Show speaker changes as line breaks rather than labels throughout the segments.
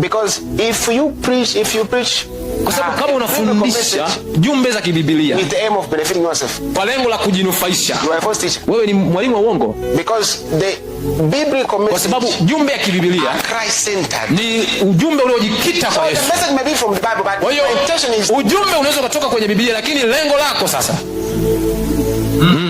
Because if you preach, if you preach
kwa sababu kama ah, unafundisha jumbe za kibibilia kwa lengo la kujinufaisha, wewe ni mwalimu wa uongo, kwa sababu jumbe ya centered ni ujumbe uliojikita kwa
Yesu. intention is
ujumbe unaweza kutoka kwenye Biblia, lakini lengo lako sasa mm.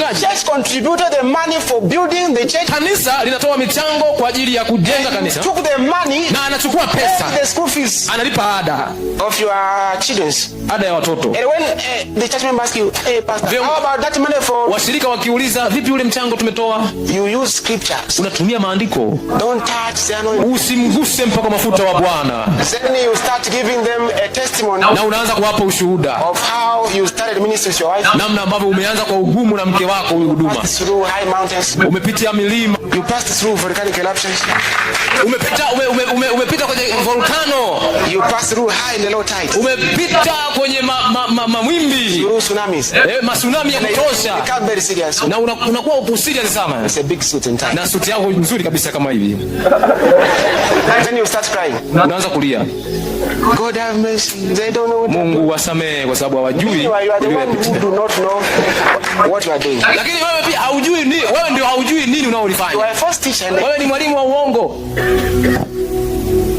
Church contributed the money for building the church.
Kanisa linatoa michango kwa ajili ya kujenga kanisa.
Took the money
na anachukua pesa.
The school fees.
Analipa ada
of your children.
Ada ya watoto.
And when uh, the church members ask you, "Hey pastor, how about that money for?"
Washirika wakiuliza, "Vipi ule mchango tumetoa?"
You use scriptures.
Unatumia maandiko.
Don't touch the anointing.
Usimguse mpaka mafuta wa Bwana.
Then you start giving them a testimony.
Na unaanza kuwapa ushuhuda.
Of how you started ministry with your wife.
Namna ambavyo umeanza kwa ugumu na mke upande wako huyu huduma. Umepitia milima, umepita kwenye volcano,
you pass through high and low tide,
umepita kwenye mawimbi eh, masunami ya kutosha, na unakuwa upo serious sana.
It's a big suit in time
na suti yako nzuri kabisa kama hivi,
then you start crying, unaanza kulia. God have mercy, they don't know what
Mungu wasamehe kwa sababu hawajui
do not know what you are doing.
Lakini wewe pia haujui nini, wewe ndio haujui nini unaolifanya. first teacher Wewe ni mwalimu wa uongo.